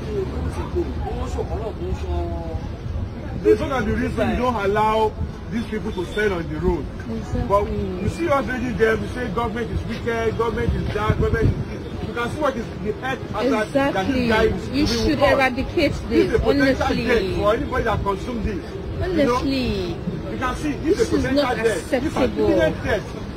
few weeks ago the reason we don't allow these people to sell on the road but you see us raging there we say government is wicked government is that government is you can see what is the health hazard exactly. that this guy is you should eradicate this, this is a honestly. for anybody that consumes this honestly you, know? you can see this, this is a potential is not acceptable this is a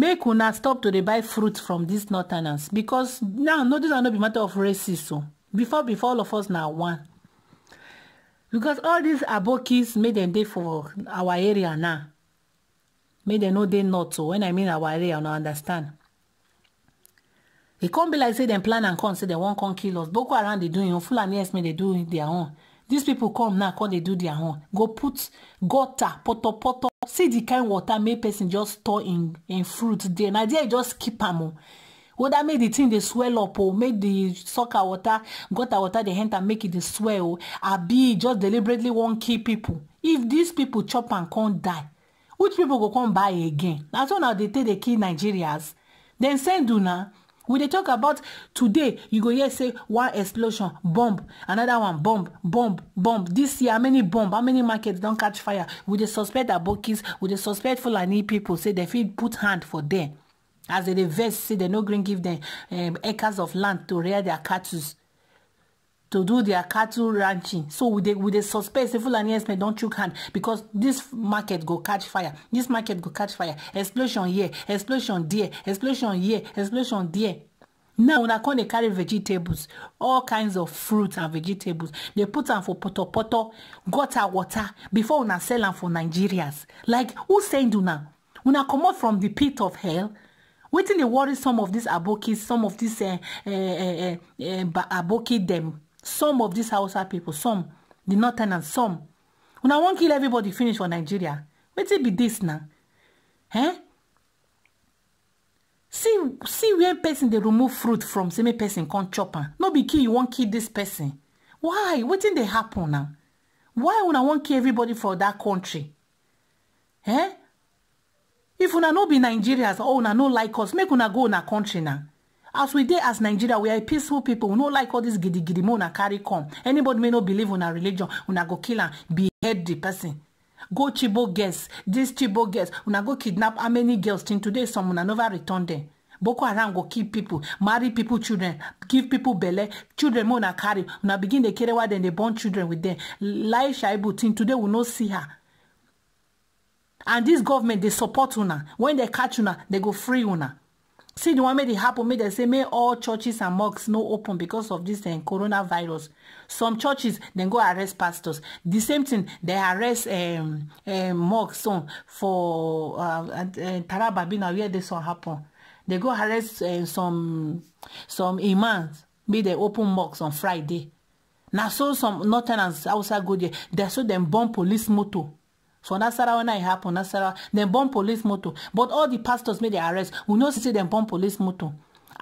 make una stop to dey buy fruit from dis northerners because now no dis one no be matter of racism. o oh. before before all of us na one because all dis abokis make dem dey for our area now make dem no dey north o oh. When i mean our area una understand e come be like say dem plan am come say dem wan come kill us boko haram dey do im own fulani herdsmen dey do their own these people come now come dey do their own go put gutter poto. see the kind water make person just store in in fruit there na there you just keep am o oh. whether make the thing dey swell up o oh. make the sucker water gutter water dey enter make e dey swell o oh. abi just deliberately wan kill people if these people chop am come die which people go come buy again na so now dey take dey kill nigerians dem send una we dey talk about today you go hear say one explosion bomb another one bomb bomb bomb This year how many bomb how many markets don catch fire we dey suspect abokis we dey suspect fulani people, say dem fit put hand for dem as dem dey vex say dem no gree give dem um, acres of land to rear their cattle to do their cattle ranching so we dey we dey suspect say fulani herdsmen don chook hand because this market go catch fire this market go catch fire explosion here explosion there explosion here explosion there now una come dey carry vegetables all kinds of fruits and vegetables dey put am for potopoto gutter water before una sell am for nigerians like who send una una comot from the pit of hell wetin dey worry some of these aboki some of these uh, uh, uh, uh, aboki dem some of these hausa people, some di northerners some When I wan kill everybody finish for nigeria wetin be this now, eh see see where person they remove fruit from Same person come chop am no be kill you wan kill this person why What did they happen now why would I want kill everybody for that country eh if una no be nigerians or oh, una no like us make una go in una country now? as we dey as nigeria we are peaceful people. we no like all this gidi gidi mo una carry come anybody wey no believe una religion una go kill am behead the person go chibo girls dis chibo girls una go kidnap how many girls till today some una never return them. boko haram go kill people, marry people, children give people belle children mo una carry una begin dey carry while dem dey born children with dem laisha ibu till today we no see her and this government dey support una when dem catch una dem go free una see di one made it happen make dem say make all churches and mosques no open because of dis eh, coronavirus some churches then go arrest pastors The same thing, they arrest um, um, mosques on for uh, eh, taraba bina where this one happen They go arrest eh, some some imams make they open mosques on friday Now, so some northerners outside go there They so them bomb police motor for nasarawa na e happen nasarawa then bomb police motor but all the pastors made the arrest we know see them bomb police motor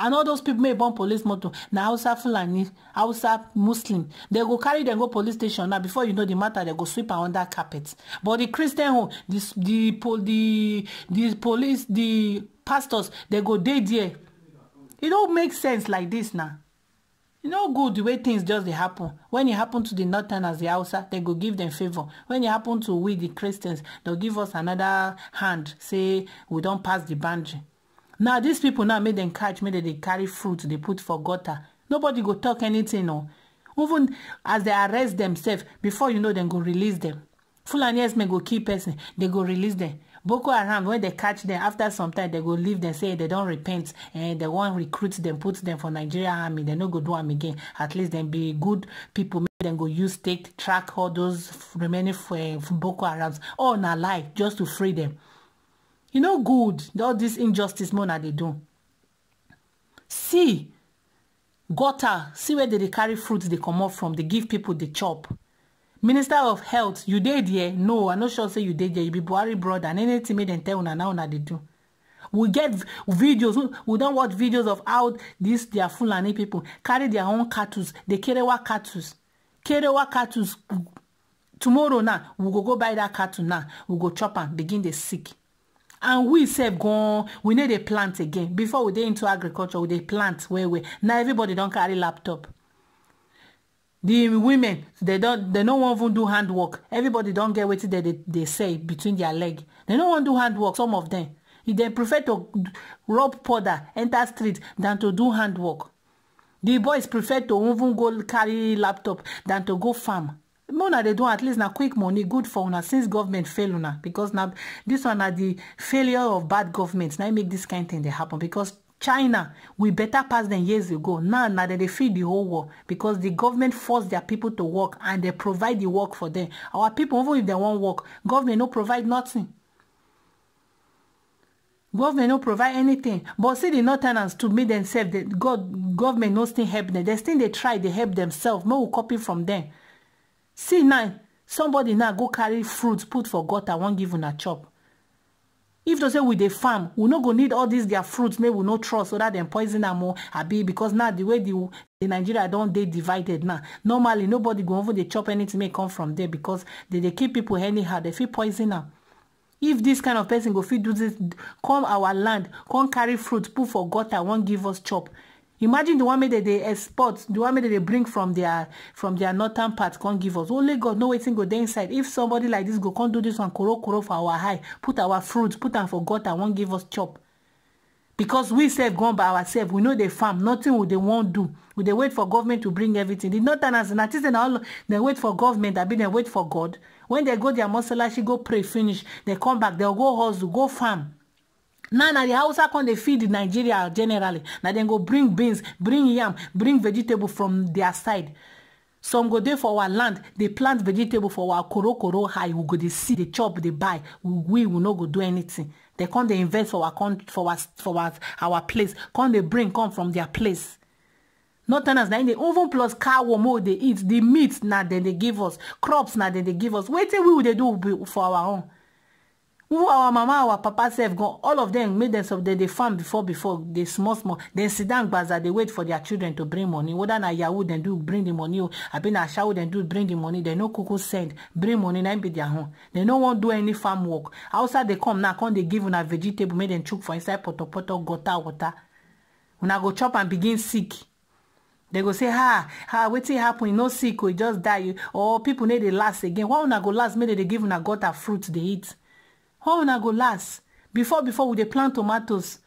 and all those people wey bomb police motor Now, hausa fulani hausa muslim they go carry them go police station now before you know the matter they go sweep am under carpet but the christian this the pol the di police the pastors they go dead there It all makes sense like this now e no good the way things just dey happen When e happen to the northerners the hausa dem go give dem favour When e happen to we the christians dem give us another hand say we don pass the boundary now these people now make dem catch make dem dey carry fruit dey put for gutter nobody go talk anything o even as dem arrest demsef before you know dem go release dem fulani herdsmen go kill person dem go release dem boko haram when they catch them, after some time dem go leave dem say they don't repent and dem wan recruit them, put them for nigeria army They no go do them again at least they be good people. make dem go use take track all those remaining eh, boko harams all na lie just to free them. You know, good all this injustice more than they do see gutter see where they dey carry They come comot from They give people the chop minister of health you dey there no i no sure say you dey there you be buhari brother and anything wey dem tell una now una dey do we get videos we don watch videos of how dis dia fulani people carry their own cattle dey kerewa cattle kerewa cattle tomorrow now we go go buy that cattle now we go chop am begin dey sick and we sef gone we no dey plant again before we dey into agriculture we dey plant well well now everybody don carry laptop the women they don't they no wan even do handwork. everybody don get wetin dem dey dey say between their leg they no wan do handwork. some of them, e dey prefer to rub powder enter street than to do handwork. the boys prefer to even go carry laptop than to go farm More una dey do at least na quick money good for una since government fail una because na this one na the failure of bad government na make this kind thing dey happen because china we better pass dem years ago now now they feed the whole world because the government force their people to work and they provide the work for them. our people, even if they won't work government no provide nothing government no provide anything but see di northerners to make themselves god government no still help dem dem still dey try they help themselves make we copy from them? see now somebody now go carry fruits, put for gutter won't give a chop if to say we dey farm we no go need all these their fruits May we no trust so that them poison am o abi because now the way the the nigeria don't they divided now normally nobody go over they chop anything may e come from there because they they keep people anyhow dem fit poison am if this kind of person go feed do this, come our land come carry fruit put for gutter wan give us chop imagine the one wey dem dey export the one wey dem dey bring from their from their northern part come give us only god know wetin go dey inside if somebody like this go come do this one koro koro for our eye put our fruit put am for gutter wan give us chop because we sef gone by ourselves we no dey farm nothing we dey wan do we dey wait for government to bring everything the northerners na till say na all dem wait for government abi dem wait for god when dem go their mosalashi go pray finish dem come back dem go hustle go farm now na the hausa come dey feed nigeria generally na dem go bring beans bring yam bring vegetable from their side some go dey for our land dey plant vegetable for our korokoro high we go dey see dey chop dey buy we we no go do anything dem come dey invest for our for our for our our place come dey bring come from their place not tell us na im dey oven plus cow worm wey dey eat the meat na dem dey give us crops na dem dey give us wetin we dey do for our own who our mama our papa sef gone all of dem make dem sub dem dey farm before before dey small small dem sit down gbaza dey wait for their children to bring money whether na yahoo dem do bring the money o oh, abi na ashawo dem do bring the money dem no kuku send bring money na im be their own dem no wan do any farm work hausa dey come now come dey give una vegetable make dem chook for inside potopoto gutter water una go chop and begin sick dem go say ha ah, ah, ha wetin happen you no sick o oh, you just die or oh, people no dey last again why una go last make dem dey give una gutter fruit dey eat how una go last before before we dey plant tomatoes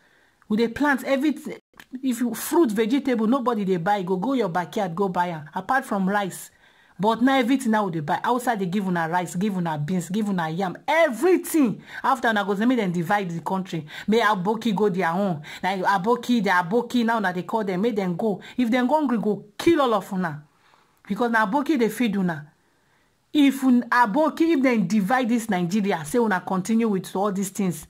we dey plant everything if you fruit vegetable nobody dey buy go go your backyard go buy am apart from rice but now everything now we dey buy outside dey give una rice give una beans give una yam everything after una go say make dem divide the country May aboki go their own na aboki the aboki now una dey call them. make dem go if dem go hungry go kill all of una because na aboki dey feed una if aboki if dem divide this nigeria say una continue with all these things,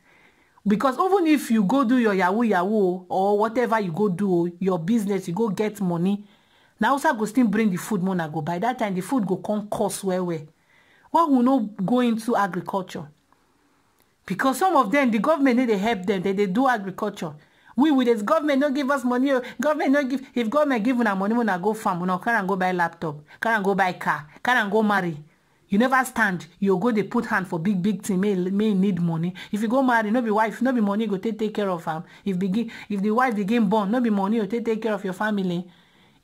because even if you go do your yahoo yahoo or whatever you go do your business you go get money na hausa go still bring the food money. na go buy that time the food go come cost well well Why we no go into agriculture because some of them the government no dey help them. They dey do agriculture we with this government no give us money oh. government no give if government give una money una go farm una carry am go buy laptop carry am go buy car carry am go marry you never stand you go dey put hand for big big thing may may need money if you go marry no be wife no be money go take take care of am if begin if the wife begin born no be money go take take care of your family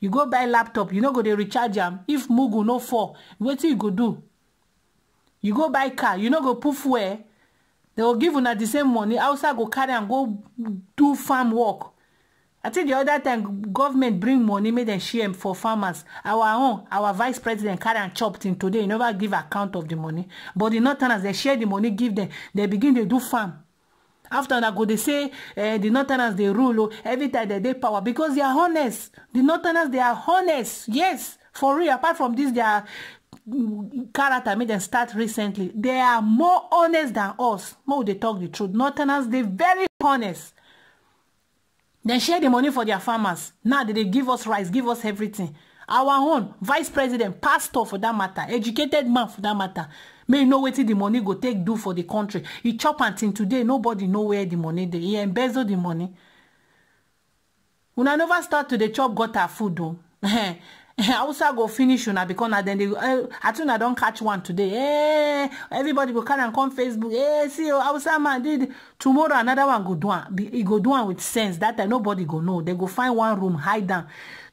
you go buy laptop you no go dey recharge am if mugu no fall wetin you go do you go buy car you no go put fuel They go give una the same money outside go carry am go do farm work i tell the other time government bring money make dem share for farmers our own our vice president carry am chop till today e never give account of the money but the northerners dey share the money give dem dey begin dey do farm after una go dey say eh, the northerners dey rule o oh, every time dem dey power because they are honest the northerners they are honest yes for real apart from this their character make dem start recently they are more honest than us make we dey talk the truth northerners dey very honest dem share the money for their farmers now dem dey give us rice give us everything our own vice president pastor for dat matter educated man for dat matter may you know wetin di money go take do for di country e chop am till today nobody know where di money dey e embezzle di money una never start to dey chop gutter food o hausa go finish una because na dem dey eh, i think i don catch one today eh everybody go come and come facebook eh see o hausa man did tomorrow another one go do am e go do am with sense that time nobody go know They go find one room hide down.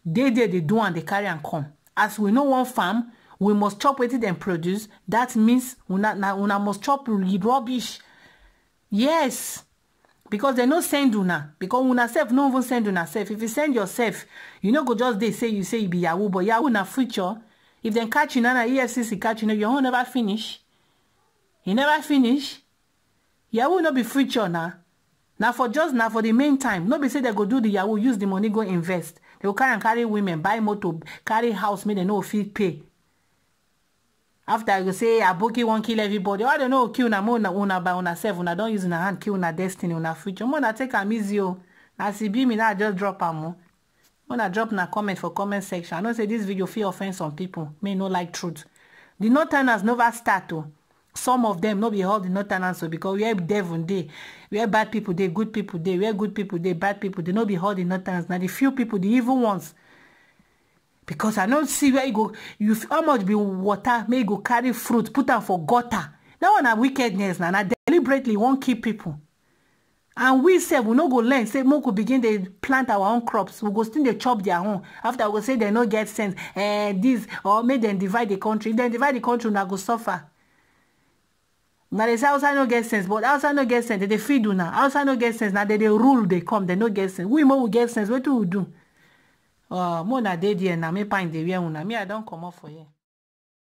dey there they do am dey carry and come as we know, one farm we must chop with it and produce that means we una must chop rubbish yes because they no send una because una sef no even send una sef if you send yourself you no go just dey say you say you be yahoo but yahoo na future if dem catch you na na efcc catch you your own never finish You e never finish yahoo no be future na na for just na for the main time no be say dem go do the yahoo use the money go invest dem go carry am carry women buy motor carry house make dem no fit pay after i go say aboki wan kill everybody all dem no go kill una mo una by una sef una don use una hand kill una destiny una future Mo na take am easy o oh. as e be me now i just drop am o oh. na drop na comment for comment section i know say this video fit offend some people. may no like truth di northerners never start o oh. some of them no be all di northerners o because where devil dey where bad people dey good pipo dey where good people dey bad people. dey no be all di northerners na di few people, the evil ones because i no see where you go you how much be water make you go carry fruit put am for gutter that one na wickedness na na deliberately wan kill people and we sef we no go learn say make we begin dey plant our own crops we go still dey chop their own after we go say dem no get sense eh this or make dem divide the country if dem divide the country una go suffer na dey say hausa no get sense but hausa no get sense dem dey feed una hausa no get sense na dem dey rule dey come dem no get sense we mo we get sense wetin we do uh, mona dey there na me pine dey wear una me i don comot for here